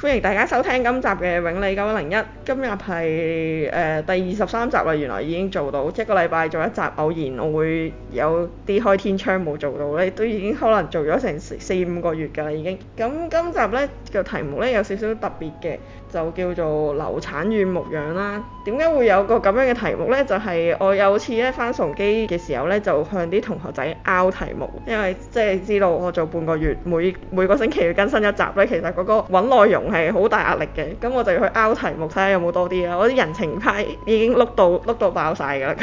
歡迎大家收聽今集嘅永利九零一，今日係誒第二十三集啦，原來已經做到一個禮拜做一集，偶然我會有啲開天窗冇做到咧，都已經可能做咗成四,四五個月噶啦已經，咁今集咧個題目咧有少少特別嘅，就叫做流產與牧養啦。點解會有個咁樣嘅題目咧？就係、是、我有次咧翻崇基嘅時候咧，就向啲同學仔拗題目，因為即係知道我做半個月，每每個星期要更新一集咧，其實嗰個揾內容。係好大壓力嘅，咁我就要去 out 題目睇下有冇多啲啦。我啲人情牌已經碌到碌到爆晒㗎啦，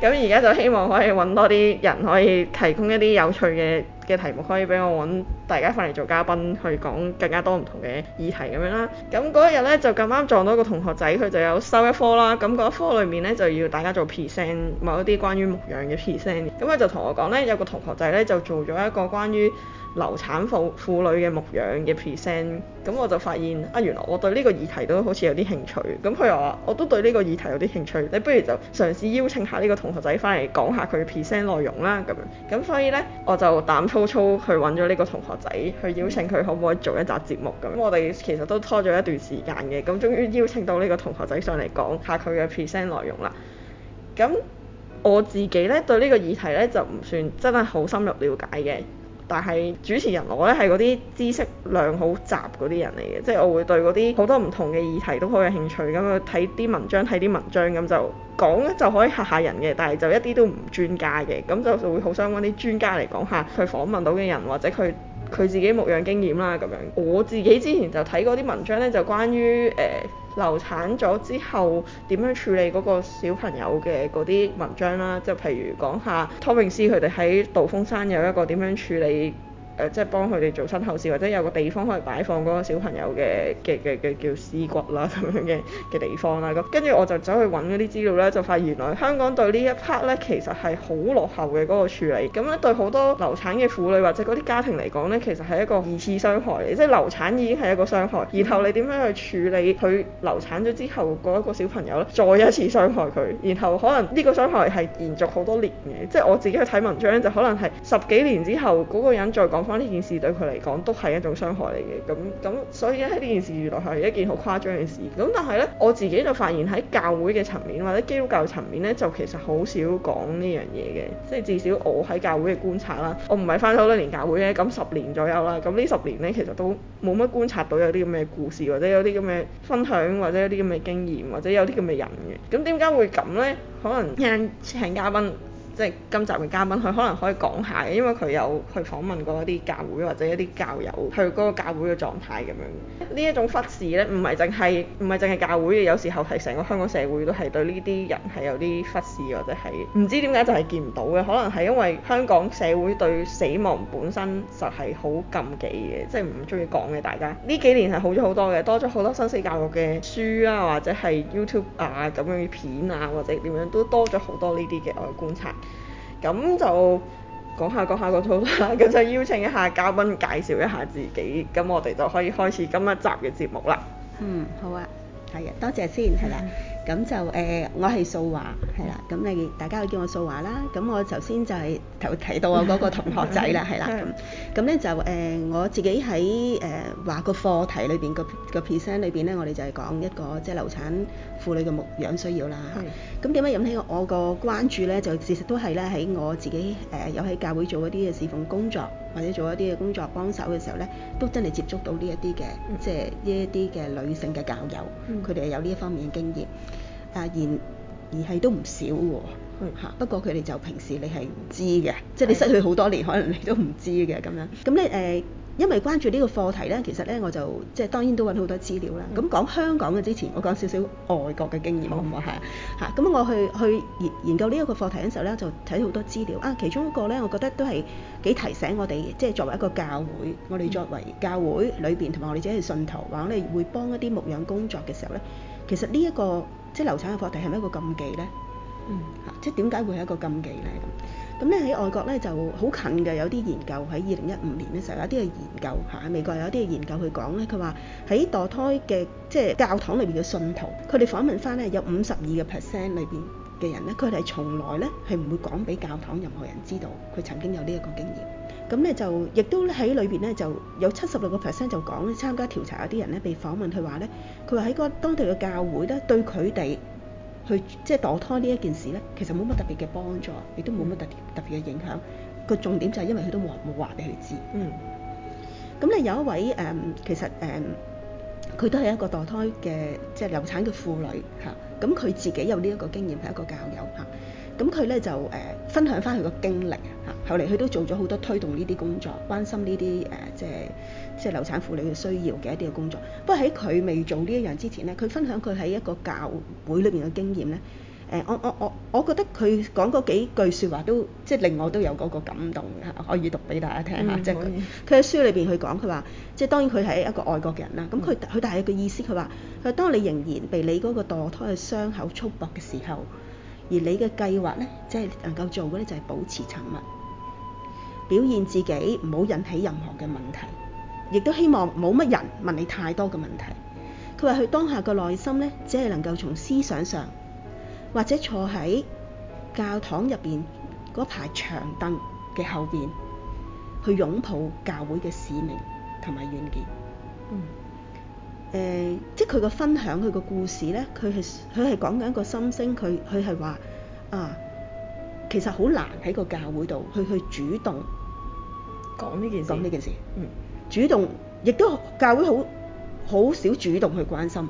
咁而家就希望可以揾多啲人可以提供一啲有趣嘅嘅題目，可以俾我揾大家翻嚟做嘉賓去講更加多唔同嘅議題咁樣啦。咁嗰一日呢，就咁啱撞到個同學仔，佢就有收一科啦。咁嗰一科裏面呢，就要大家做 present 某一啲關於牧養嘅 present。咁佢就同我講呢，有個同學仔呢，就做咗一個關於。流產婦婦女嘅牧養嘅 present，咁我就發現啊，原來我對呢個議題都好似有啲興趣。咁佢又話：我都對呢個議題有啲興趣，你不如就嘗試邀請下呢個同學仔翻嚟講下佢嘅 present 內容啦。咁樣咁所以呢，我就膽粗粗去揾咗呢個同學仔去邀請佢，可唔可以做一集節目咁樣。我哋其實都拖咗一段時間嘅，咁終於邀請到呢個同學仔上嚟講下佢嘅 present 內容啦。咁我自己呢，對呢個議題呢，就唔算真係好深入了解嘅。但係主持人我呢，係嗰啲知識量好雜嗰啲人嚟嘅，即係我會對嗰啲好多唔同嘅議題都好有興趣，咁去睇啲文章，睇啲文章，咁就講咧，就可以嚇下人嘅，但係就一啲都唔專家嘅，咁就就會好想搵啲專家嚟講下佢訪問到嘅人或者佢。佢自己牧養經驗啦，咁樣我自己之前就睇過啲文章咧，就關於誒、呃、流產咗之後點樣處理嗰個小朋友嘅嗰啲文章啦，就譬、是、如講下湯永思佢哋喺道風山有一個點樣處理。誒、呃，即係幫佢哋做身後事，或者有個地方可以擺放嗰個小朋友嘅嘅嘅嘅叫屍骨啦，咁樣嘅嘅地方啦。咁跟住我就走去揾嗰啲資料呢，就發現原來香港對呢一 part 呢，其實係好落後嘅嗰個處理。咁咧，對好多流產嘅婦女或者嗰啲家庭嚟講呢，其實係一個二次傷害嚟。即係流產已經係一個傷害，然後你點樣去處理佢流產咗之後嗰一個小朋友呢，再一次傷害佢，然後可能呢個傷害係延續好多年嘅。即係我自己去睇文章就可能係十幾年之後嗰個人再講。我諗呢件事對佢嚟講都係一種傷害嚟嘅，咁咁所以呢，呢件事原來係一件好誇張嘅事。咁但係呢，我自己就發現喺教會嘅層面或者基督教嘅層面呢，就其實好少講呢樣嘢嘅。即係至少我喺教會嘅觀察啦，我唔係翻咗好多年教會嘅，咁十年左右啦，咁呢十年呢，其實都冇乜觀察到有啲咁嘅故事或者有啲咁嘅分享或者有啲咁嘅經驗或者有啲咁嘅人嘅。咁點解會咁呢？可能請請嘉賓。即係今集嘅嘉賓，佢可能可以講下嘅，因為佢有去訪問過一啲教會或者一啲教友，去嗰個教會嘅狀態咁樣。呢一種忽視呢，唔係淨係唔係淨係教會嘅，有時候係成個香港社會都係對呢啲人係有啲忽視或者係唔知點解就係見唔到嘅。可能係因為香港社會對死亡本身就係好禁忌嘅，即係唔中意講嘅。大家呢幾年係好咗好多嘅，多咗好多生死教育嘅書啊，或者係 YouTube 啊咁樣嘅片啊，或者點樣都多咗好多呢啲嘅我觀察。咁就講下講下個 topic 啦，咁就邀請一下嘉賓介紹一下自己，咁我哋就可以開始今日集嘅節目啦。嗯，好啊，係啊，多謝先，係啦。 咁就誒、呃，我係素華，係啦。咁你大家去叫我素華啦。咁我頭先就係頭提到我嗰個同學仔啦，係啦。 咁咁咧就誒、呃，我自己喺誒話個課題裏邊個個 present 裏邊咧，我哋就係講一個即係流產婦女嘅牧養需要啦。咁點解引起我個關注咧？就事實都係咧喺我自己誒、呃、有喺教會做一啲嘅侍奉工作。或者做一啲嘅工作幫手嘅時候呢都真係接觸到呢一啲嘅，嗯、即係呢一啲嘅女性嘅教友，佢哋、嗯、有呢一方面嘅經驗，啊然而係都唔少喎、嗯、不過佢哋就平時你係唔知嘅，嗯、即係你失去好多年，的可能你都唔知嘅咁樣。咁你誒？呃因為關注呢個課題咧，其實咧我就即係當然都揾好多資料啦。咁、嗯、講香港嘅之前，我講少少外國嘅經驗好唔好 啊嘛，係啊嚇。咁我去去研研究呢一個課題嘅時候咧，就睇好多資料啊。其中一個咧，我覺得都係幾提醒我哋，即係作為一個教會，我哋作為教會裏邊同埋我哋自己係信徒，話我哋會幫一啲牧養工作嘅時候咧，其實呢、這、一個即係流產嘅課題係咪一個禁忌咧？嗯嚇、啊，即係點解會係一個禁忌咧？咁咧喺外國咧就好近嘅，有啲研究喺二零一五年嘅時候，有啲嘅研究嚇，美國有啲嘅研究去講咧，佢話喺墮胎嘅即係教堂裏邊嘅信徒，佢哋訪問翻咧有五十二個 percent 裏邊嘅人咧，佢哋係從來咧係唔會講俾教堂任何人知道佢曾經有呢一個經驗。咁咧就亦都喺裏邊咧就有七十六個 percent 就講咧參加調查有啲人咧被訪問佢話咧，佢話喺個當地嘅教會咧對佢哋。去即係墮胎呢一件事咧，其實冇乜特別嘅幫助，亦都冇乜特別特別嘅影響。個、嗯、重點就係因為佢都冇冇話俾佢知。嗯。咁咧有一位誒，其實誒，佢、嗯、都係一個墮胎嘅即係流產嘅婦女嚇，咁佢是自己有呢一個經驗係一個教友嚇。咁佢咧就誒、呃、分享翻佢個經歷啊！嚇，後嚟佢都做咗好多推動呢啲工作，關心呢啲誒即係即係流產婦女嘅需要嘅一啲嘅工作。不過喺佢未做呢一樣之前咧，佢分享佢喺一個教會裏邊嘅經驗咧。誒、呃，我我我我覺得佢講嗰幾句説話都即係令我都有嗰個感動、啊、可以讀俾大家聽嚇。即係佢喺書裏邊去講佢話，即係當然佢係一個外國人啦。咁佢佢但係個意思佢話，佢當你仍然被你嗰個墮胎嘅傷口束縛嘅時候。而你嘅計劃呢，即係能夠做嘅呢，就係保持沉默，表現自己，唔好引起任何嘅問題。亦都希望冇乜人問你太多嘅問題。佢話佢當下個內心呢，只係能夠從思想上，或者坐喺教堂入邊嗰排長凳嘅後邊，去擁抱教會嘅使命同埋遠見。嗯誒、呃，即係佢個分享，佢個故事呢，佢係佢係講緊一個心聲。佢佢係話啊，其實好難喺個教會度去去主動講呢件事。講呢件事，嗯、主動亦都教會好好少主動去關心，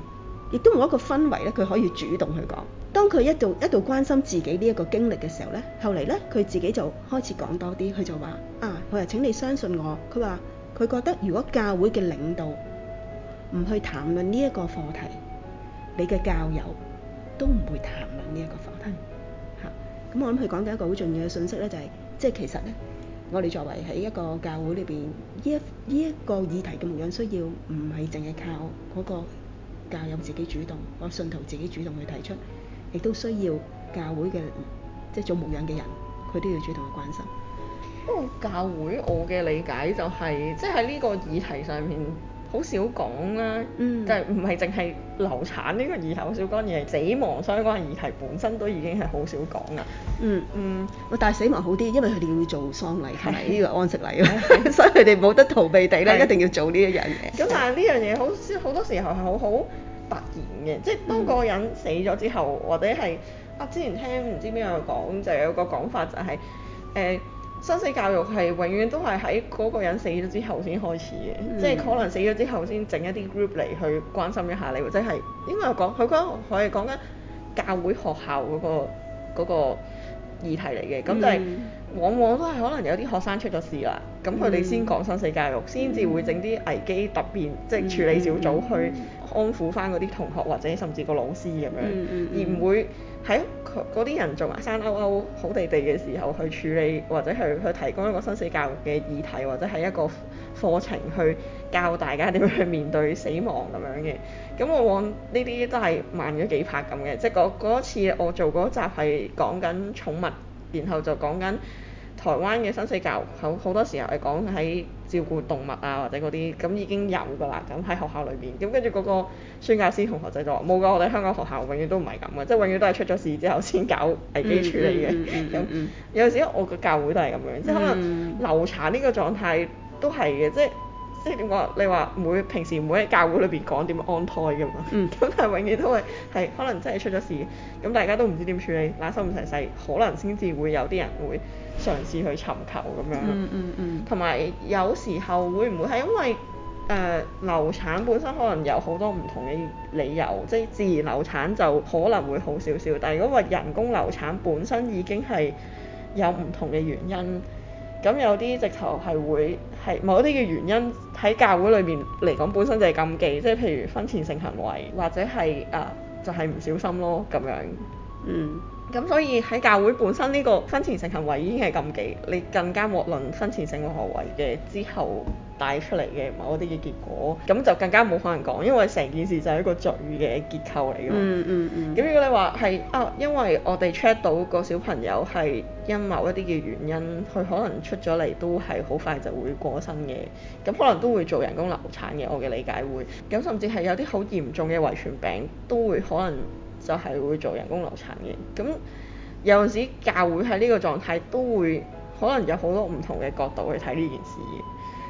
亦都冇一個氛圍呢。佢可以主動去講。當佢一度一度關心自己呢一個經歷嘅時候呢，後嚟呢，佢自己就開始講多啲。佢就話啊，佢話請你相信我。佢話佢覺得如果教會嘅領導，唔去談論呢一個課題，你嘅教友都唔會談論呢一個課題。吓，咁我諗佢講緊一個好重要嘅信息咧、就係，就係、是、即係其實咧，我哋作為喺一個教會裏邊，呢一呢一個議題嘅牧養需要，唔係淨係靠嗰個教友自己主動，我、那個、信徒自己主動去提出，亦都需要教會嘅即係做牧養嘅人，佢都要主動去關心。咁教會我嘅理解就係、是，即係喺呢個議題上面。好少講啦、啊，嗯、就係唔係淨係流產呢個議題好少講，而係死亡相關議題本身都已經係好少講噶、啊。嗯嗯，喂、嗯，但係死亡好啲，因為佢哋要做喪禮，係呢個安息禮，吧 所以佢哋冇得逃避地咧，吧一定要做呢一樣嘢。咁吧但係呢樣嘢好，即好，好多時候係好好突然嘅，即係當個人死咗之後，嗯、或者係啊，之前聽唔知邊個講，就有個講法就係、是、誒。呃生死教育係永遠都係喺嗰個人死咗之後先開始嘅，嗯、即係可能死咗之後先整一啲 group 嚟去關心一下你，或者係應該講，佢講可以講緊教會學校嗰個嗰個議題嚟嘅，咁但係。嗯往往都係可能有啲學生出咗事啦，咁佢哋先講生死教育，先至、嗯、會整啲危機、嗯、突變，即係處理小組去安撫翻嗰啲同學或者甚至個老師咁樣，嗯嗯、而唔會喺嗰啲人仲生勾勾好地地嘅時候去處理，或者去去提供一個生死教育嘅議題，或者係一個課程去教大家點樣去面對死亡咁樣嘅。咁往往呢啲都係慢咗幾拍咁嘅，即係嗰次我做嗰集係講緊寵物，然後就講緊。台灣嘅生死教好好多時候係講喺照顧動物啊，或者嗰啲咁已經有㗎啦，咁喺學校裏邊咁，跟住嗰個宣教師同學仔就話冇㗎，我哋香港學校永遠都唔係咁嘅，即係永遠都係出咗事之後先搞危機處理嘅。咁有陣時我個教會都係咁樣，嗯、即係可能流產呢個狀態都係嘅，即係。即係點講？你話唔會平時唔會喺教會裏邊講點安胎嘅嘛？咁、嗯、但係永遠都係係可能真係出咗事，咁大家都唔知點處理，懶心唔成世，可能先至會有啲人會嘗試去尋求咁樣。嗯嗯嗯。同、嗯、埋、嗯、有，有時候會唔會係因為誒、呃、流產本身可能有好多唔同嘅理由，即係自然流產就可能會好少少，但係如果話人工流產本身已經係有唔同嘅原因。嗯咁有啲直頭係會係某啲嘅原因，喺教會裏面嚟講，本身就係禁忌，即係譬如婚前性行為或者係啊，就係唔小心咯咁樣。嗯。咁所以喺教會本身呢個婚前性行為已經係禁忌，你更加莫論婚前性行為嘅之後。帶出嚟嘅，某一啲嘅結果，咁就更加冇可能講，因為成件事就係一個罪嘅結構嚟嘅。嗯。嗯嗯嗯。咁如果你話係啊，因為我哋 check 到個小朋友係因某一啲嘅原因，佢可能出咗嚟都係好快就會過身嘅，咁可能都會做人工流產嘅。我嘅理解會，咁甚至係有啲好嚴重嘅遺傳病都會可能就係會做人工流產嘅。咁有陣時教會喺呢個狀態都會可能有好多唔同嘅角度去睇呢件事。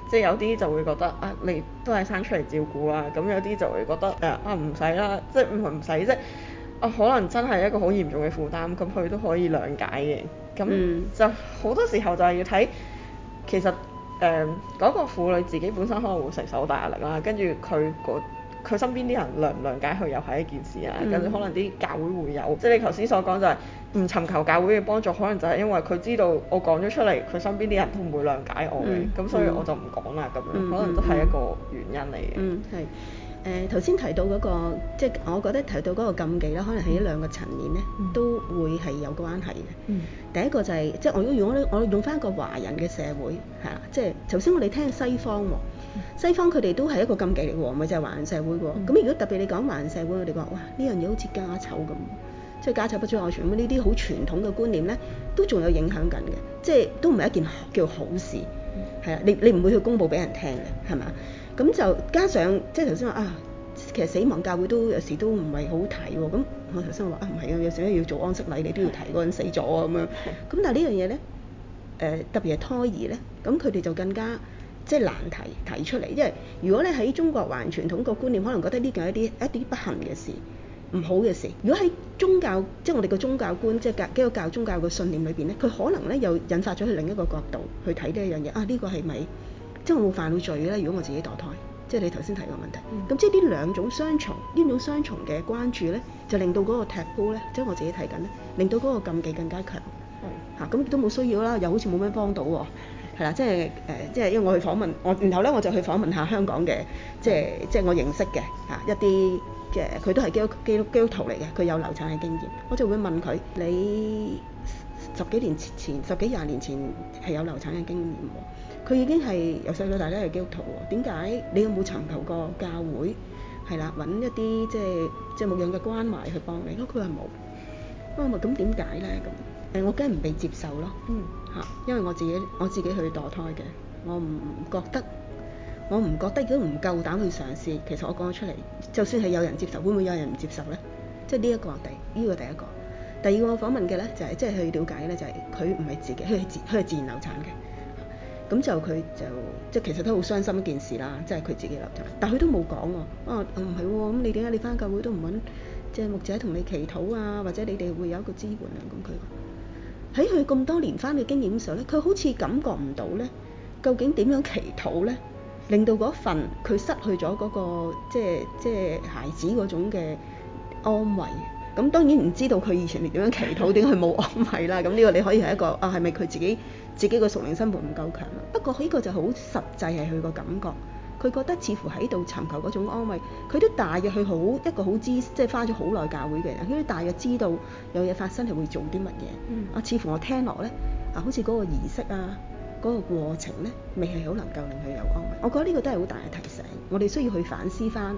即係有啲就會覺得啊，你都係生出嚟照顧啊，咁有啲就會覺得誒啊唔使啦，即係唔唔使即係啊，可能真係一個好嚴重嘅負擔，咁佢都可以諒解嘅，咁就好、嗯、多時候就係要睇其實誒嗰、呃嗰個婦女自己本身可能會承受好大壓力啦，跟住佢個。佢身邊啲人諒唔諒解佢又係一件事啊，跟、嗯、可能啲教會會有，即係你頭先所講就係唔尋求教會嘅幫助，可能就係因為佢知道我講咗出嚟，佢身邊啲人都唔會諒解我嘅，咁、嗯、所以我就唔講啦咁樣，嗯、可能都係一個原因嚟嘅。嗯，係，誒頭先提到嗰、嗰個，即係我覺得提到嗰個禁忌啦，可能喺兩個層面咧都會係有關係嘅。嗯，第一個就係、係、即係我如果用我用翻一個華人嘅社會係啦，即係頭先我哋聽西方喎。西方佢哋都係一個禁忌嚟喎，咪就係華人社會喎。咁、嗯、如果特別你講華人社會，我哋話哇，呢樣嘢好似家醜咁，即係家醜不出外傳咁。呢啲好傳統嘅觀念咧，都仲有影響緊嘅，即係都唔係一件好叫好事。係啊、嗯，你你唔會去公佈俾人聽嘅，係咪啊？咁就加上即係頭先話啊，其實死亡教會都有時都唔係好睇喎。咁我頭先話啊，唔係啊，有時要做安息禮，你都要睇嗰陣死咗啊咁樣。咁的但係呢樣嘢咧，誒、呃、特別係胎兒咧，咁佢哋就更加。即係難題提，提出嚟，因為如果你喺中國還傳統個觀念，可能覺得呢個係一啲一啲不幸嘅事，唔好嘅事。如果喺宗教，即係我哋個宗教觀，即係基督教宗教嘅信念裏邊咧，佢可能咧又引發咗去另一個角度去睇呢一樣嘢。啊，這個、是是有有呢個係咪即係我冇犯到罪咧？如果我自己墮胎，即係你頭先提個問題。咁、嗯、即係呢兩種雙重，呢種雙重嘅關注咧，就令到嗰個踢波咧，即、就、係、是、我自己睇緊咧，令到嗰個禁忌更加強。係嚇、嗯，咁都冇需要啦，又好似冇咩幫到喎。係啦，即係誒、呃，即係因為我去訪問我，然後咧我就去訪問下香港嘅，即係即係我認識嘅嚇、啊、一啲嘅，佢都係基基基督徒嚟嘅，佢有流產嘅經驗，我就會問佢：你十幾年前、十幾廿年前係有流產嘅經驗喎？佢已經係由細到大都係基督徒喎？點解你有冇尋求過教會？係啦，揾一啲即係即係牧養嘅關懷去幫你？哦，佢話冇。哦，咪咁點解咧？咁。我梗驚唔被接受咯。嗯。嚇，因為我自己我自己去墮胎嘅，我唔覺得，我唔覺得亦都唔夠膽去嘗試。其實我講咗出嚟，就算係有人接受，會唔會有人唔接受咧？即係呢一個第呢、這個第一個。第二個訪問嘅咧，就係、是、即係去了解咧，就係佢唔係自己，佢係自佢係自然流產嘅。咁、嗯、就佢就即係其實都好傷心一件事啦，即係佢自己流產。但係佢都冇講喎。啊，唔係喎，咁你點解你翻教會都唔揾牧者同你祈禱啊？或者你哋會有一個支援啊？咁佢。喺佢咁多年返嘅經驗嘅時候咧，佢好似感覺唔到咧，究竟點樣祈禱咧，令到嗰份佢失去咗嗰個即係即係孩子嗰種嘅安慰。咁當然唔知道佢以前點樣祈禱，點解佢冇安慰啦。咁呢個你可以係一個啊，係咪佢自己自己個屬靈生活唔夠強啊？不過呢個就好實際係佢個感覺。佢覺得似乎喺度尋求嗰種安慰，佢都大約佢好一個好知，即係花咗好耐教會嘅人，佢都大約知道有嘢發生係會做啲乜嘢。啊、嗯，似乎我聽落咧啊，好似嗰個儀式啊，嗰、嗰個過程咧，未係好能夠令佢有安慰。我覺得呢個都係好大嘅提醒，我哋需要去反思返，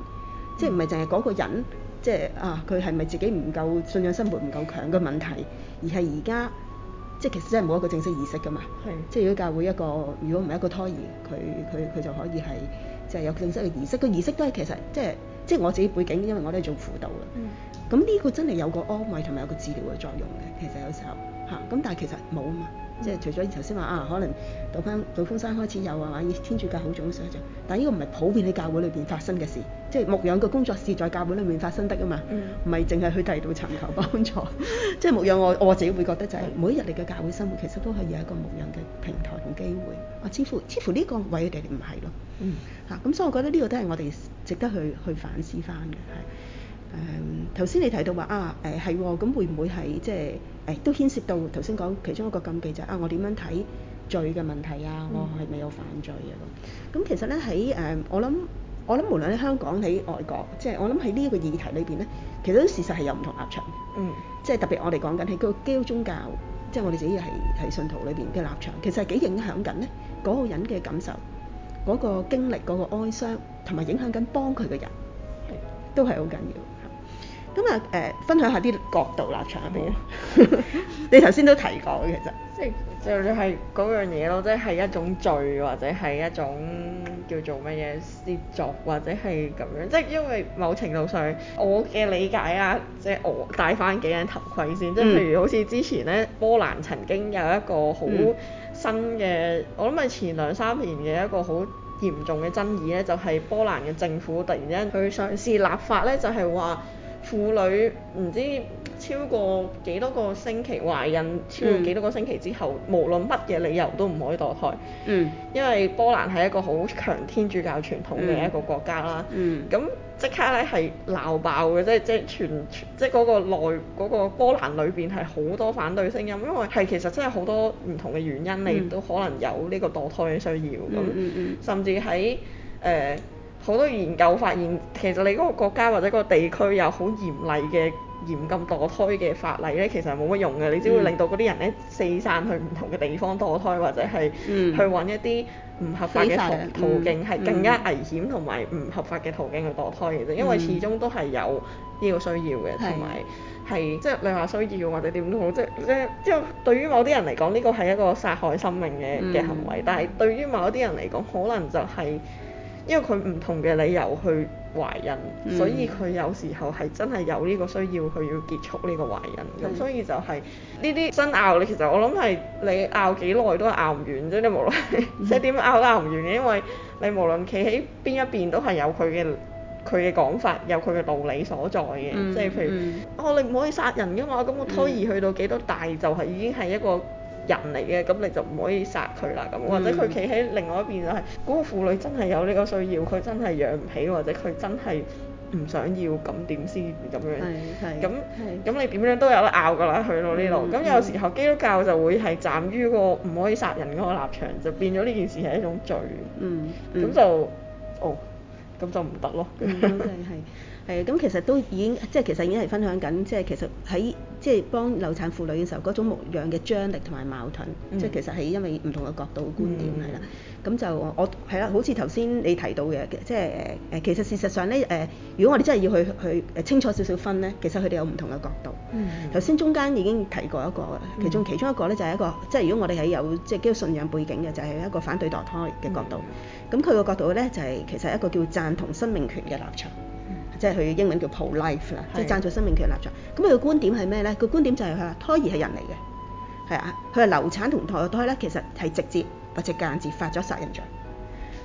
即係唔係淨係嗰個人，即係啊，佢係咪自己唔夠信仰生活唔夠強嘅問題，而係而家即係其實真係冇一個正式儀式㗎嘛。係是，即係如果教會一個，如果唔係一個胎兒，佢佢佢就可以係。就係有正式嘅儀式，個儀式都係其實即係即係我自己背景，因為我都係做輔導嘅。咁呢、嗯、個真係有個安慰同埋有個治療嘅作用嘅，其實有時候吓咁、嗯、但係其實冇啊嘛。即係除咗頭先話啊，可能道風道風山開始有啊嘛，以天主教好早嘅時候，但係呢個唔係普遍喺教會裏邊發生嘅事，即係牧養嘅工作是在教會裏面發生的啊嘛，唔係淨係去第二度尋求幫助。即係牧養我我自己會覺得就係每一日你嘅教會生活，其實都係有一個牧養嘅平台同機會。我、啊、似乎似乎呢個位地唔係咯，嚇咁、嗯，啊、所以我覺得呢個都係我哋值得去去反思翻嘅，係。誒頭先你提到話啊，誒係喎，咁會唔會係即係誒都牽涉到頭先講其中一個禁忌，就係啊我點樣睇罪嘅問題啊、嗯、我係咪有犯罪啊咁？咁其實咧喺誒我諗我諗無論喺香港喺外國，即係我諗喺呢一個議題裏邊咧，其實啲事實係有唔同立場，嗯，即係特別我哋講緊喺個基督教，即係我哋自己係喺信徒裏邊嘅立場，其實係幾影響緊咧嗰個人嘅感受，嗰個經歷嗰個哀傷同埋影響緊幫佢嘅人，的都係好緊要。咁啊誒，分享下啲角度立場俾 你。你頭先都提過其實，即係 就係、是、嗰、就是、樣嘢咯，即、就、係、是、一種罪，或者係一種叫做乜嘢涉作，或者係咁樣。即、就、係、是、因為某程度上，我嘅理解啊，即、就、係、是、我戴翻幾頂頭盔先。即、就、係、是、譬如好似之前咧，波蘭曾經有一個好新嘅，嗯、我諗係前兩三年嘅一個好嚴重嘅爭議咧，就係、是、波蘭嘅政府突然之間佢嘗試立法咧，就係話。婦女唔知超過幾多個星期懷孕，嗯、超過幾多個星期之後，無論乜嘢理由都唔可以墮胎。嗯，因為波蘭係一個好強天主教傳統嘅一個國家啦、嗯。嗯，咁即刻咧係鬧爆嘅，即係即係全即係嗰個內嗰、嗰個波蘭裏邊係好多反對聲音，因為係其實真係好多唔同嘅原因，嗯、你都可能有呢個墮胎嘅需要咁，嗯嗯嗯嗯、甚至喺誒。呃好多研究發現，其實你嗰個國家或者個地區有好嚴厲嘅嚴禁墮胎嘅法例咧，其實係冇乜用嘅，嗯、你只會令到嗰啲人咧四散去唔同嘅地方墮胎，或者係去搵一啲唔合法嘅途、嗯、途徑係更加危險同埋唔合法嘅途徑去墮胎嘅啫。因為始終都係有呢個需要嘅，同埋係即係你話需要或者點都好，即係即係即係對於某啲人嚟講，呢個係一個殺害生命嘅嘅行為，嗯、但係對於某啲人嚟講，可能就係、就係。因為佢唔同嘅理由去懷孕，嗯、所以佢有時候係真係有呢個需要去要結束呢個懷孕，咁、嗯、所以就係呢啲爭拗咧，其實我諗係你拗幾耐都拗唔完啫，你無論即係點拗都拗唔完嘅，因為你無論企喺邊一邊都係有佢嘅佢嘅講法，有佢嘅道理所在嘅，即係、嗯、譬如、嗯嗯、哦，你唔可以殺人㗎嘛，咁個胎兒去到幾多大就係已經係一個人嚟嘅，咁你就唔可以殺佢啦。咁、嗯、或者佢企喺另外一邊、就是，就係嗰個婦女真係有呢個需要，佢真係養唔起，或者佢真係唔想要，咁點先咁樣？係係。咁咁那是你點樣都有得拗㗎啦，去到呢度。咁、嗯、有時候基督教就會係站於個唔可以殺人嗰個立場，就變咗呢件事係一種罪。嗯。咁、嗯、就、嗯、哦，咁就唔得咯。咁就係。係，咁其實都已經即係其實已經係分享緊，即係其實喺即係幫流產婦女嘅時候嗰種牧養嘅張力同埋矛盾，mm. 即係其實係因為唔同嘅角度觀點係啦。咁、mm. 就我係啦，好似頭先你提到嘅，即係誒誒，其實事實上咧誒，如果我哋真係要去去誒清楚少少分咧，其實佢哋有唔同嘅角度。頭先、mm. 中間已經提過一個，其中其中一個咧就係一個，mm. 即係如果我哋喺有即係基督信仰背景嘅，就係、是、一個反對墮胎嘅角度。咁佢個角度咧就係、是、其實一個叫贊同生命權嘅立場。即係佢英文叫 Pro-Life 啦，life, 是即係贊助生命權立場。咁佢個觀點係咩咧？個觀點就係佢話胎兒係人嚟嘅，係啊，佢話流產同胎胎咧，其實係直接或者間接發咗殺人罪，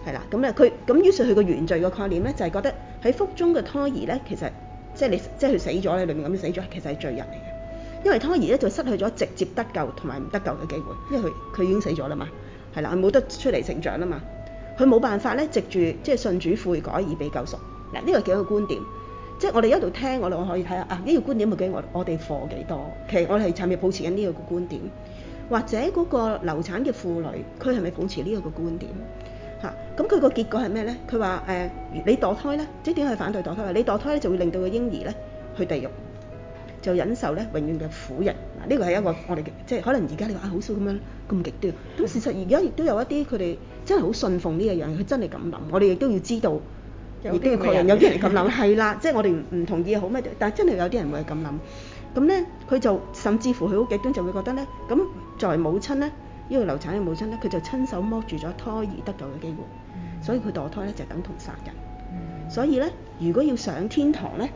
係啦、啊。咁咧佢咁於是佢個原罪個概念咧，就係、是、覺得喺腹中嘅胎兒咧，其實即係你即係佢死咗你裏面咁死咗，其實係罪人嚟嘅。因為胎兒咧就失去咗直接得救同埋唔得救嘅機會，因為佢佢已經死咗啦嘛，係啦、啊，冇得出嚟成長啦嘛，佢冇辦法咧藉住即係信主悔改而被救贖。呢個幾個觀點，即係我哋一路聽我哋，我可以睇下啊呢、這個觀點咪幾我我哋貨幾多？其實我哋係係咪保持緊呢個個觀點？或者嗰個流產嘅婦女，佢係咪保持呢個個觀點？嚇、啊，咁佢個結果係咩咧？佢話誒，你墮胎咧，即係點去反對墮胎？你墮胎咧就會令到個嬰兒咧去地獄，就忍受咧永遠嘅苦刑。嗱、啊，呢、這個係一個我哋嘅，即係可能而家你話啊好少咁樣咁極端，咁事實而家亦都有一啲佢哋真係好信奉呢一樣，佢真係咁諗，我哋亦都要知道。亦都要確認有啲人咁諗，係啦，即係、 啊就是、我哋唔同意好咩？但係真係有啲人會係咁諗。咁咧，佢就甚至乎佢好極端就會覺得咧，咁作為母親咧，呢個流產嘅母親咧，佢就親手剝住咗胎兒得到嘅機會，所以佢墮胎咧就是、等同殺人。所以咧，如果要上天堂咧，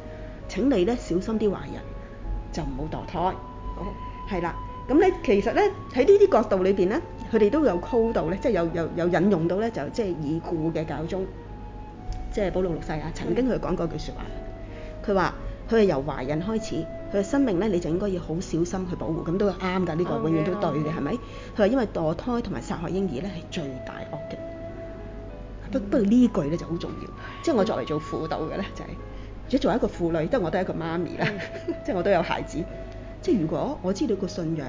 請你咧小心啲懷孕，就唔好墮胎。係啦，咁咧其實咧喺呢啲角度裏邊咧，佢哋都有 code 咧，即係有有有引用到咧，就即係已故嘅教宗。即係保祿六世啊！曾經佢講過一句説話，佢話：佢係由懷孕開始，佢嘅生命咧你就應該要好小心去保護，咁都係啱㗎，呢、這個永遠都對嘅，係咪 Okay.？佢話因為墮胎同埋殺害嬰兒咧係最大惡極、mm.。不不過呢句咧就好重要，即係我作為做輔導嘅咧，就係、是、如果作為一個婦女，得我得一個媽咪啦，mm. 即係我都有孩子，即係如果我知道個信仰。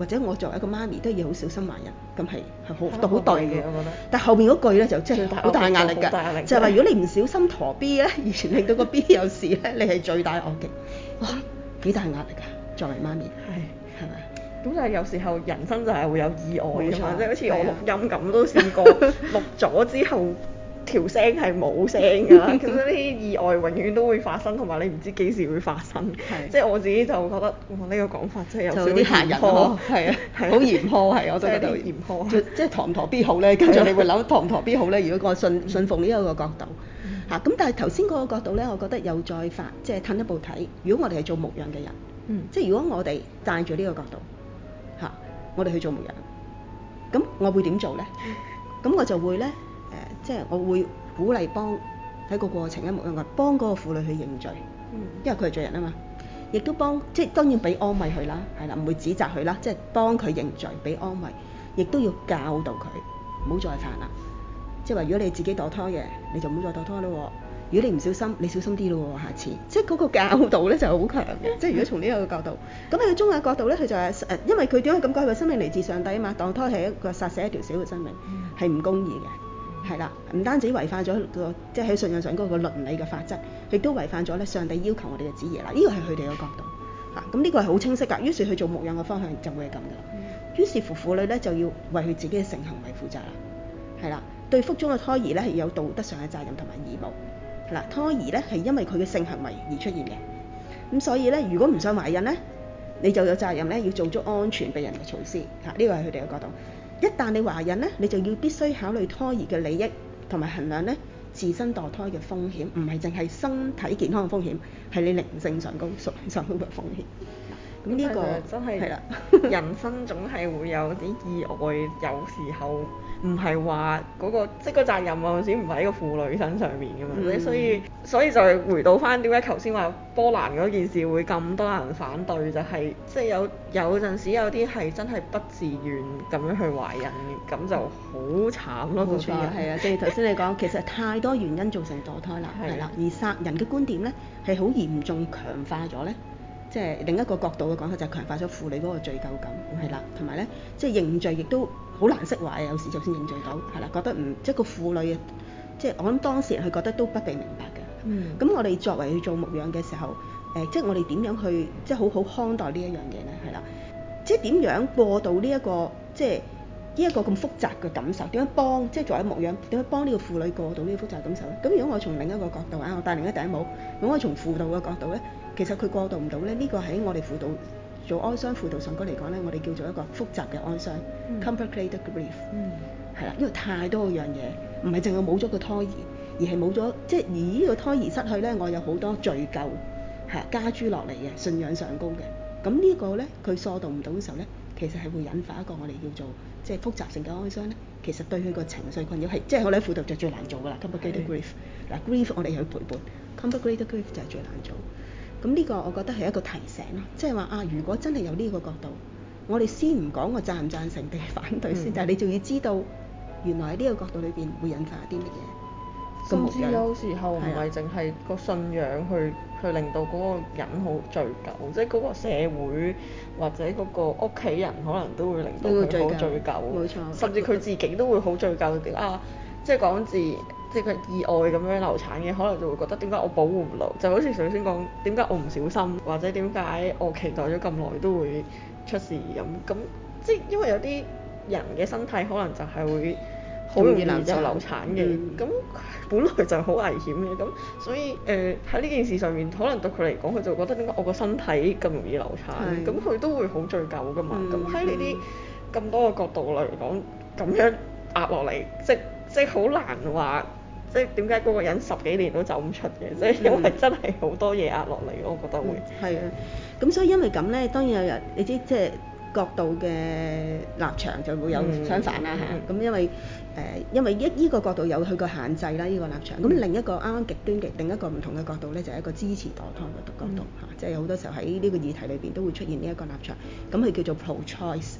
或者我作為一個媽咪都要好小心懷孕，咁係係好好對嘅，我覺得。但後面嗰句咧就真係好大壓力㗎，大壓力就係話如果你唔小心陀 B 啊， 而令到個 B 有事咧，你係罪大惡極。哇！ 幾大壓力啊，作為媽咪。係係咪啊？咁但係有時候人生就係會有意外嘅，嘛錯，即係好似我錄音咁都試過 錄咗之後。條聲係冇聲㗎，其實呢啲意外永遠都會發生，同埋你唔知幾時會發生。係， 即係我自己就覺得，哇！呢、呢個講法真係有少啲殘忍咯，係 啊，好嚴苛係、啊。我覺得 就嚴 就即係啲即係墮唔墮胎好咧？跟住你會諗墮唔墮胎好咧？如果我信信奉呢一個角度嚇，咁但係頭先嗰個角度咧，我覺得有再發，即係褪一步睇。如果我哋係做牧養嘅人，嗯、即係如果我哋帶住呢個角度嚇、啊，我哋去做牧養，咁我會點做咧？咁我就會咧。誒、呃，即係我會鼓勵幫喺個過程一目一格幫嗰個婦女去認罪，因為佢係罪人啊嘛。亦都幫即係當然俾安慰佢啦，係啦，唔會指責佢啦，即係幫佢認罪，俾安慰，亦都要教導佢唔好再犯啦。即係話如果你自己墮胎嘅，你就唔好再墮胎咯。如果你唔小心，你小心啲咯，下次即係嗰個教導咧就好、是、強嘅。 即係如果從呢一個教導，咁喺中宗教角度咧，佢就係、是、誒、呃，因為佢點解咁講？佢生命嚟自上帝啊嘛？墮胎係一個殺死一條小嘅生命，係唔、嗯、公義嘅。係啦，唔單止違反咗個即係喺信仰上嗰個倫理嘅法則，亦都違反咗咧上帝要求我哋嘅旨意啦。呢、這個係佢哋嘅角度嚇，咁、啊、呢、這個係好清晰㗎。於是佢做牧養嘅方向就會係咁㗎。於是乎婦女咧就要為佢自己嘅性行為負責啦，係啦，對腹中嘅胎兒咧係有道德上嘅責任同埋義務。嗱、啊，胎兒咧係因為佢嘅性行為而出現嘅。咁、啊、所以咧，如果唔想懷孕咧，你就有責任咧要做足安全避孕嘅措施嚇。呢、啊這個係佢哋嘅角度。一旦你懷孕咧，你就要必須考慮胎兒嘅利益，同埋衡量咧自身墮胎嘅風險。唔係淨係身體健康嘅風險，係你靈性上高上高嘅風險。咁呢、這個真係係啦， 人生總係會有啲意外，有時候唔係話嗰個即係嗰責任啊，始終唔喺個婦女身上面嘅嘛，所以所以就係回到翻點解頭先話波蘭嗰件事會咁多人反對，就係、是、即係有有陣時有啲係真係不自願咁樣去懷孕，咁、嗯、就好慘咯，冇錯係啊，即係頭先你講， 其實太多原因造成墮胎啦，係啦的，而殺人嘅觀點咧係好嚴重強化咗咧。即係另一個角度嘅講法，就係強化咗婦女嗰個罪疚感，係啦，同埋咧，即係認罪亦都好難釋懷，有時就先認罪到，係啦，覺得唔即係個婦女，即、就、係、是、我諗當事人佢覺得都不被明白嘅。咁、嗯、我哋作為去做牧養嘅時候，誒、呃，即、就、係、是、我哋點樣去即係、就是、好好看待呢一樣嘢咧？係啦，即係點樣過渡呢一個即係呢一個咁複雜嘅感受？點樣幫即係、就是、作為牧養，點樣幫呢個婦女過渡呢個複雜感受咧？咁如果我從另一個角度啊，我戴另一頂帽，咁我從輔導嘅角度咧？其實佢過渡唔到咧，呢、這個喺我哋輔導做哀傷輔導上高嚟講咧，我哋叫做一個複雜嘅哀傷 （complicated grief）、嗯。係啦，因為太多樣嘢，唔係淨係冇咗個胎兒，而係冇咗即係而呢個胎兒失去咧，我有好多罪疚係加諸落嚟嘅，信仰上高嘅。咁呢個咧佢疏導唔到嘅時候咧，其實係會引發一個我哋叫做即係複雜性嘅哀傷咧。其實對佢個情緒困擾係即係我哋喺輔導就最難做㗎 Com 的啦，complicated grief。嗱，grief 我哋係去陪伴，complicated grief 就係最難做。咁呢個我覺得係一個提醒咯，即係話啊，如果真係有呢個角度，我哋先唔講我贊唔贊成定係反對先，嗯、但係你仲要知道，原來喺呢個角度裏邊會引發啲乜嘢？咁所以有時候唔係淨係個信仰去的去令到嗰個人好罪疚，即係嗰個社會或者嗰個屋企人可能都會令到佢好罪疚，冇錯錯。甚至佢自己都會好罪疚啲啊，即係講自。啊即係佢意外咁樣流產嘅，可能就會覺得點解我保護唔到，就好似上先講，點解我唔小心，或者點解我期待咗咁耐都會出事咁咁，即係因為有啲人嘅身體可能就係會好容易就流產嘅，咁本來就好危險嘅，咁所以誒喺呢件事上面，可能對佢嚟講，佢就覺得點解我個身體咁容易流產？咁、嗯、佢、呃、是都會好追究㗎嘛。咁喺呢啲咁多個角度嚟講，咁樣壓落嚟，即即係好難話。即係點解嗰個人十幾年都走唔出嘅？所以因為真係好多嘢壓落嚟，我覺得會係啊。咁、嗯、所以因為咁咧，當然有人你知即係角度嘅立場就會有、嗯、相反啦嚇。咁因為誒、呃，因為呢呢個角度有佢個限制啦，呢、呢個立場。咁、嗯、另一個啱啱極端嘅另一個唔同嘅角度咧，就係、係、一個支持墮胎嘅角度嚇，嗯、即係好多時候喺呢個議題裏邊都會出現、嗯、ice，呢一個立場。咁佢叫做 pro-choice，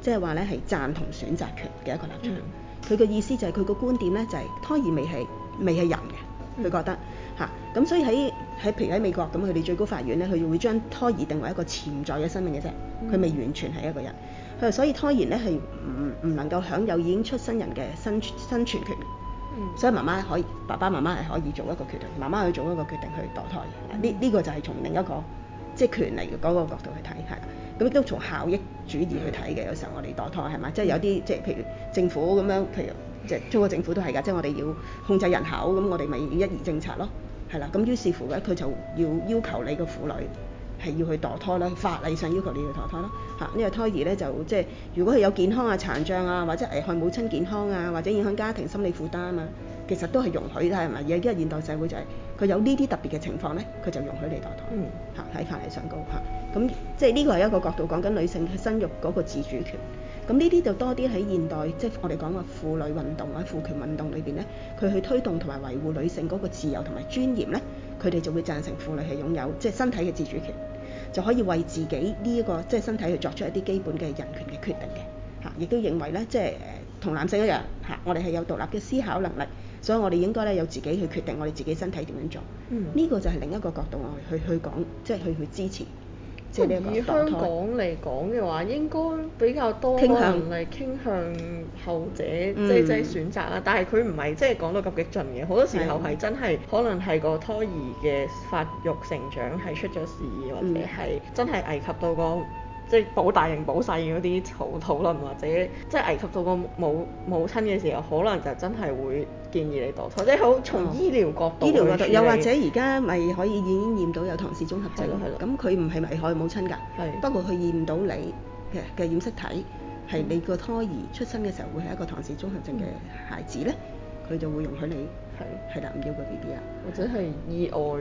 即係話咧係贊同選擇權嘅一個立場。佢嘅意思就係佢個觀點咧、就係，就係胎兒未係未係人嘅，佢覺得嚇，咁、嗯啊、所以喺喺譬如喺美國咁，佢哋最高法院咧，佢會將胎兒定為一個潛在嘅生命嘅啫，佢、嗯、未完全係一個人，佢所以胎兒咧係唔唔能夠享有已經出生人嘅生存生存權。嗯、所以媽媽可以，爸爸媽媽係可以做一個決定，媽媽去做一個決定去墮胎。呢呢、嗯呢個就係從另一個即係權利嗰個角度去睇係。咁亦都從效益主義去睇嘅，有時候我哋墮胎係嘛，即係有啲即係譬如政府咁樣，譬如即係中國政府都係㗎，即係我哋要控制人口，咁我哋咪要一孩政策咯，係啦，咁於是乎咧，佢就要要求你個婦女係要去墮胎啦，法例上要求你去墮胎咯，嚇，呢個胎兒咧就即係如果佢有健康啊殘障啊，或者危害母親健康啊，或者影響家庭心理負擔啊。其實都係容許啦，係咪？而家現代社會就係、是、佢有呢啲特別嘅情況呢，佢就容許你袋袋嚇喺法律上高嚇。咁、啊嗯、即係呢個係一個角度講緊女性嘅生育嗰個自主權。咁呢啲就多啲喺現代即係我哋講話婦女運動或者婦權運動裏邊呢，佢去推動同埋維護女性嗰個自由同埋尊嚴呢，佢哋就會贊成婦女係擁有即係身體嘅自主權，就可以為自己呢、這、一個即係身體去作出一啲基本嘅人權嘅決定嘅嚇。亦、啊、都認為呢，即係同、呃、男性一樣嚇、啊，我哋係有獨立嘅思考能力。所以我哋應該咧有自己去決定我哋自己身體點樣做。嗯，呢個就係另一個角度我去去講，即係去去支持。咁、呢個、以香港嚟講嘅話，應該比較多，多人嚟傾向後者，向即、嗯、即選擇啦。但係佢唔係即係講到咁極盡嘅，好多時候係真係、嗯、可能係個胎兒嘅發育成長係出咗事，或者係真係危及到個。即係保大型保細嗰啲討論，或者即係危及到個母母親嘅時候，可能就真係會建議你墮胎。即係好從醫療角度、哦，醫療角度又或者而家咪可以已經驗到有唐氏綜合症，咁佢唔係危害母親㗎，不過佢驗到你嘅嘅染色體係你個胎兒出生嘅時候會係一個唐氏綜合症嘅孩子咧，佢就會容許你係啦，唔要個 B B 啦。或者係意外。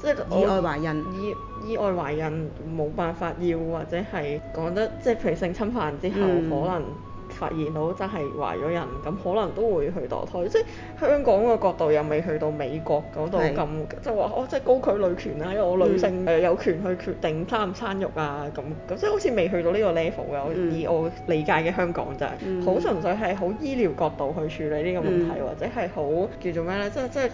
即係意外懷孕，依意，意外懷孕冇辦法要，或者係講得即係譬如性侵犯之後，嗯、可能發現到真係懷咗孕，咁可能都會去墮胎。即係香港個角度又未去到美國嗰度咁，就話是哦，即係高舉女權啊，因為我女性誒、嗯、有權去決定生唔生育啊咁咁，即係好似未去到呢個 level 嘅，嗯、我以我理解嘅香港就係好純粹係好醫療角度去處理呢個問題，嗯、或者係好叫做咩咧，即係即係。即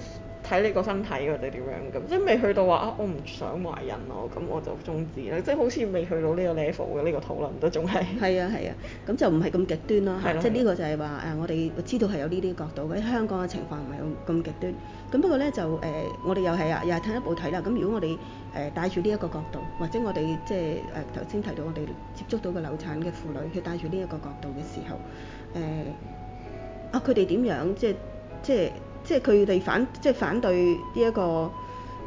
睇你個身體或者點樣咁，即係未去到話啊，我唔想懷孕咯，咁我就中止啦。即係好似未去到呢個 level 嘅呢、呢個討論都仲係。係啊係啊，咁、啊、就唔係咁極端咯嚇，啊、即係呢個就係話誒，我哋知道係有呢啲角度嘅。香港嘅情況唔係咁咁極端。咁不過咧就誒、呃，我哋又係啊，又係進一步睇啦。咁如果我哋誒、呃、帶住呢一個角度，或者我哋即係誒頭先提到我哋接觸到嘅流產嘅婦女，佢帶住呢一個角度嘅時候誒、呃，啊佢哋點樣即係即係？即即即即即係佢哋反，即係反對呢、這、一個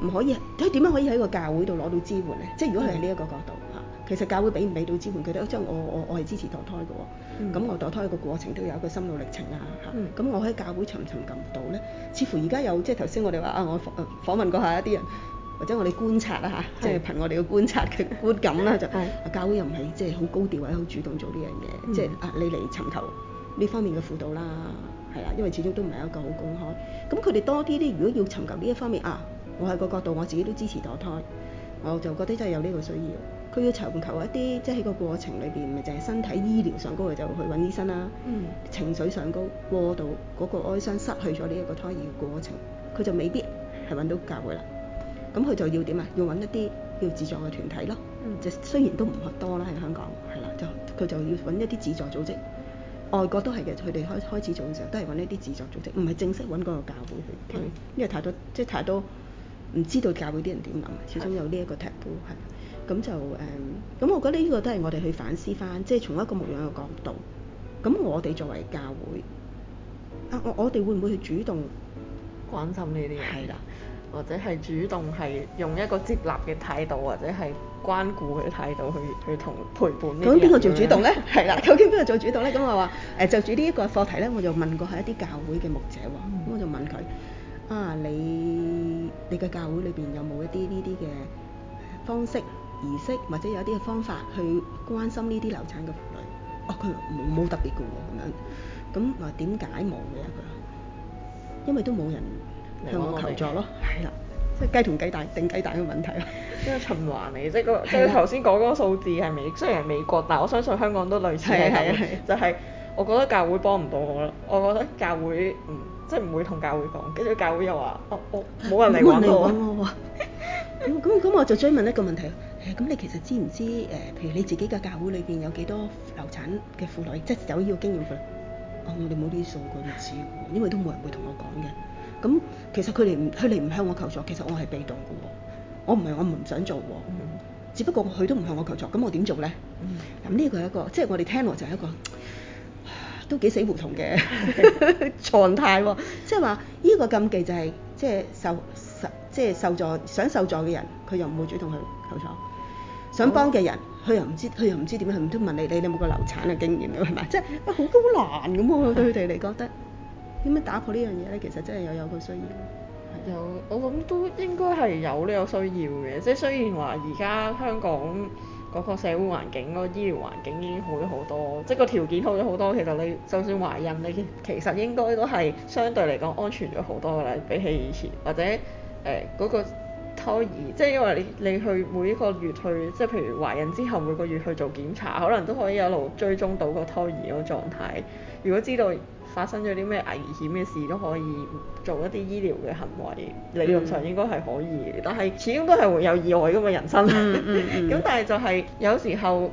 唔可以，誒點樣可以喺個教會度攞到支援咧？即係如果喺呢一個角度嚇，其實教會俾唔俾到支援佢哋？即係我我我係支持墮胎嘅喎，咁、嗯嗯、我墮胎個過程都有個心路歷程啊嚇，咁、嗯嗯、我喺教會尋尋尋唔到咧，似乎而家有即係頭先我哋話啊，我訪訪、啊、問過下一啲人，或者我哋觀察啊吓，即係憑我哋嘅觀察嘅觀感啦 是就，啊、嗯、教會又唔係即係好高調或者好主動做呢樣嘢，即係、嗯、啊你嚟尋求呢方面嘅輔導啦。係啊，因為始終都唔係一個好公開。咁佢哋多啲咧，如果要尋求呢一方面啊，我係個角度我自己都支持墮胎，我就覺得真係有呢個需要。佢要尋求一啲即係喺個過程裏邊，咪就係身體醫療上高嘅就會去揾醫生啦。嗯。情緒上高過度嗰個哀傷失去咗呢一個胎兒嘅過程，佢就未必係揾到教會啦。咁佢就要點啊？要揾一啲要自助嘅團體咯。嗯。就雖然都唔係多啦，喺香港係啦，就佢就要揾一啲自助組織。外國都係嘅，佢哋開開始做嘅時候都係揾呢啲自作組織，唔係正式揾嗰個教會去。嗯、因為太多即係太多唔知道教會啲人點諗，始終有呢一個 taboo 係，咁就誒，咁、嗯、我覺得呢個都係我哋去反思翻，即係從一個牧養嘅角度，咁、嗯、我哋作為教會，啊我我哋會唔會去主動關心呢啲嘢？係啦。或者係主動係用一個接納嘅態度，或者係關顧嘅態度去去同陪伴。究竟邊個做主動咧？係、嗯、啦，究竟邊個做主動咧？咁我話誒就住呢一個課題咧，我就問過係一啲教會嘅牧者喎，咁我就問佢啊，你你嘅教會裏邊有冇一啲呢啲嘅方式儀式，或者有一啲嘅方法去關心呢啲流產嘅婦女？哦，佢話冇冇特別嘅喎咁樣。咁話點解冇嘅？佢話因為都冇人。向我求助咯，係啦，嗯，即係雞同雞蛋定雞蛋嘅問題啦，即係循環嚟㗎咯。即係個、的即係頭先講嗰個數字係美，雖然係美國，但係我相信香港都類似咁。係啊，係就係我覺得教會幫唔到我咯。我覺得教會唔即係唔會同教會講，跟住教會又話，哦我冇、哦、人嚟揾我，咁 咁 我就追問一個問題，咁，哎、你其實知唔知誒、呃？譬如你自己嘅教會裏邊有幾多流產嘅婦女，即係有呢個經驗佢：「哦，我哋冇啲數據嘅資料，因為都冇人會同我講嘅。咁其實佢哋唔佢哋唔向我求助，其實我係被動嘅喎，我唔係我唔想做喎，只不過佢都唔向我求助，咁我點做咧？咁呢個一個，即係我哋聽落就係一個都幾死胡同嘅狀態喎，即係話呢個禁忌就係即係受受即係受助想受助嘅人，佢又唔會主動去求助，想幫嘅人，佢又唔知佢又唔知點去，唔通問你你有冇個流產嘅經驗啊？係咪？即係好高難咁喎，對佢哋嚟覺得。點樣打破呢樣嘢咧？其實真係有有佢需要。有，我諗都應該係有呢個需要嘅。即係雖然話而家香港嗰個社會環境、嗰個醫療環境已經好咗好多，即係個條件好咗好多。其實你就算懷孕，你其實應該都係相對嚟講安全咗好多啦，比起以前或者誒嗰個胎兒。即係因為你你去每一個月去，即係譬如懷孕之後每個月去做檢查，可能都可以一路追蹤到個胎兒嗰個狀態。如果知道。發生咗啲咩危險嘅事都可以做一啲醫療嘅行為，理論上應該係可以。嗯、但係始終都係會有意外㗎嘛，人生。咁、嗯嗯、 但係就係、是、有時候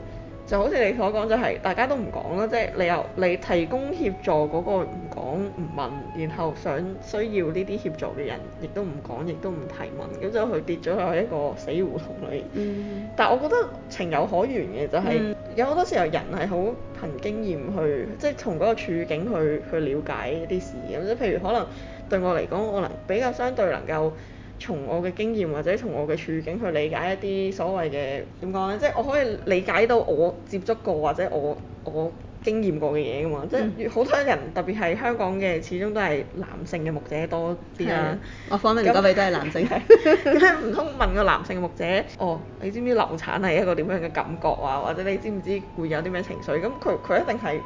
就好似你所講，就係、是、大家都唔講囉，即、就、係、是、你又你提供協助嗰個唔講唔問，然後想需要呢啲協助嘅人亦都唔講，亦都唔提問，咁就佢、是、跌咗去一個死胡同裏。嗯、但係我覺得情有可原嘅就係、是。嗯有好多時候人係好憑經驗去，即係從嗰個處境去去了解一啲事咁。即係譬如可能對我嚟講，我可能比較相對能夠從我嘅經驗或者從我嘅處境去理解一啲所謂嘅點講呢，即係我可以理解到我接觸過或者我我。經驗過嘅嘢㗎嘛，即係好、嗯、多人特別係香港嘅，始終都係男性嘅牧者多啲啦。我訪問多位都係男性，咁唔通問個男性嘅牧者，牧者 哦，你知唔知流產係一個點樣嘅感覺啊？或者你知唔知會有啲咩情緒？咁佢佢一定係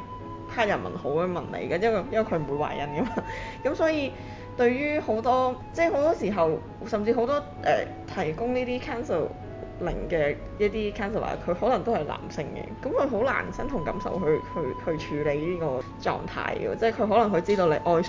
派人問好嘅問你嘅，因為因為佢唔會懷孕㗎嘛。咁 所以對於好多即係好多時候，甚至好多誒、呃、提供呢啲 cancer。零嘅一啲 counselor 佢可能都係男性嘅，咁佢好難身同感受去去去處理呢個狀態嘅。即係佢可能佢知道你哀傷，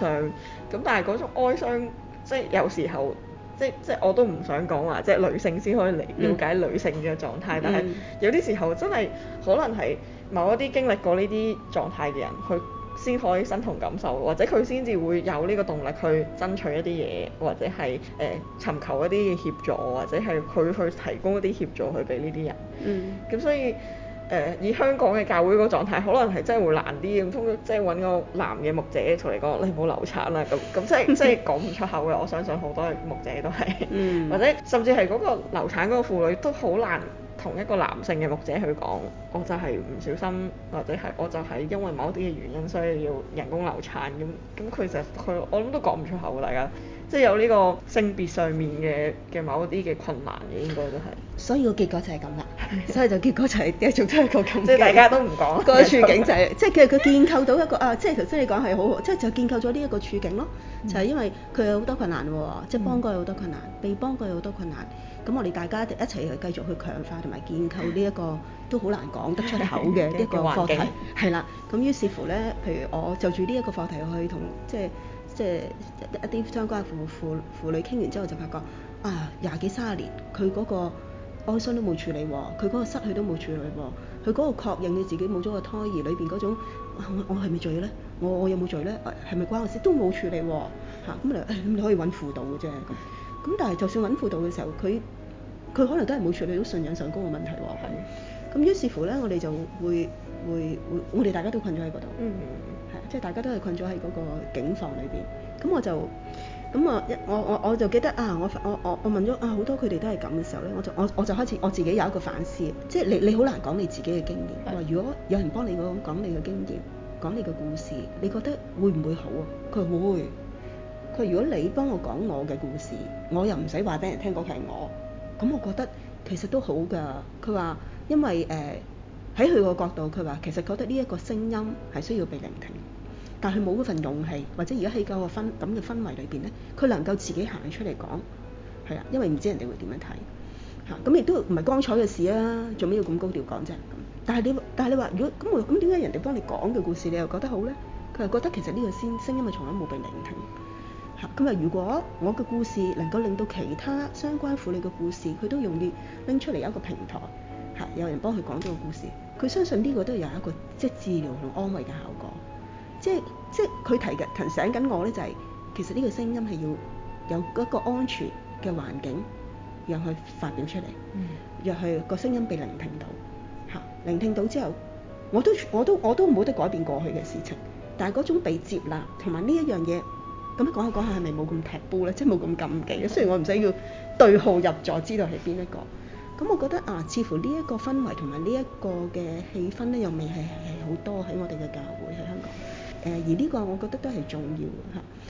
咁但係嗰種哀傷，即係有時候，即即我都唔想講話，即係女性先可以嚟了解女性嘅狀態，嗯、但係有啲時候真係可能係某一啲經歷過呢啲狀態嘅人去先可以身同感受，或者佢先至會有呢個動力去爭取一啲嘢，或者係誒、呃、尋求一啲嘅協助，或者係佢去提供一啲協助去俾呢啲人。嗯。咁所以誒、呃，以香港嘅教會嗰個狀態，可能係真係會難啲。咁，通常即係揾個男嘅牧者同你講：你唔好流產啦。咁咁，即係即係講唔出口嘅。 我相信好多牧者都係，嗯、或者甚至係嗰個流產嗰個婦女都好難。同一個男性嘅牧者去講，我就係唔小心，或者係我就係因為某啲嘅原因，所以要人工流產咁。咁佢就，佢我諗都講唔出口㗎，大家即係有呢個性別上面嘅嘅、嗯、某啲嘅困難嘅，應該都係。所以個結果就係咁啦， 所以就結果就係繼續都係個咁。即係大家都唔講嗰個處境就係、是， 即係佢佢建構到一個啊，即係頭先你講係好，即係就是、建構咗呢一個處境咯，嗯、就係因為佢有好多困難喎、啊，即、就、係、是、幫過好多困難，被幫過好多困難。嗯。咁我哋大家一一齊去繼續去強化同埋建構呢、這、一個 都好難講得出口嘅一個課題，係 啦。咁於是乎呢，譬如我就住呢一個課題去同即係即係一啲相關嘅父父父女傾完之後，就發覺啊，廿幾三十年，佢嗰個哀傷都冇處理喎，佢嗰個失去都冇處理喎，佢嗰個確認你自己冇咗個胎兒裏邊嗰種、嗯、我我係咪罪呢？我我有冇罪呢？係咪關我事？都冇處理喎。嚇、啊、咁你可以揾輔導嘅啫。咁但係就算揾輔導嘅時候，佢佢可能都係冇處理到信仰上高嘅問題喎。咁的於是乎咧，我哋就會會會，我哋大家都困咗喺嗰度。嗯哼，係，即係大家都係困咗喺嗰個警房裏邊。咁我就咁我一我我我就記得啊，我我我我問咗啊好多佢哋都係咁嘅時候咧，我就我我就開始我自己有一個反思，即係你你好難講你自己嘅經驗。係的。如果有人幫你講，講你嘅經驗，講你嘅故事，你覺得會唔會好啊？佢會。佢如果你幫我講我嘅故事，我又唔使話俾人聽，講係我咁，我覺得其實都好㗎。佢話因為誒喺佢個角度，佢話其實覺得呢一個聲音係需要被聆聽，但佢冇嗰份勇氣，或者而家喺個氛咁嘅氛圍裏邊咧，佢能夠自己行出嚟講係啦，因為唔知人哋會點樣睇嚇咁，亦都唔係光彩嘅事啊！做咩要咁高調講啫？但係你但係你話如果咁咁點解人哋幫你講嘅故事你又覺得好咧？佢又覺得其實呢個先聲音係從來冇被聆聽。咁啊！如果我嘅故事能夠令到其他相關婦女嘅故事，佢都容易拎出嚟一個平台，嚇有人幫佢講咗個故事。佢相信呢個都有一個即係治療同安慰嘅效果。即係即係佢提嘅提醒緊我咧，就係、係、其實呢個聲音係要有一個安全嘅環境，讓佢發表出嚟，嗯、讓佢個聲音被聆聽到。嚇聆聽到之後，我都我都我都冇得改變過去嘅事情，但係嗰種被接納同埋呢一樣嘢。咁講下講下係咪冇咁踢波咧？即係冇咁禁忌嘅。雖然我唔使要對號入座，知道係邊一個。咁我覺得啊，似乎呢一個氛圍同埋呢一個嘅氣氛咧，又未係係好多喺我哋嘅教會，喺香港。誒、呃。而呢個我覺得都係重要嘅吓。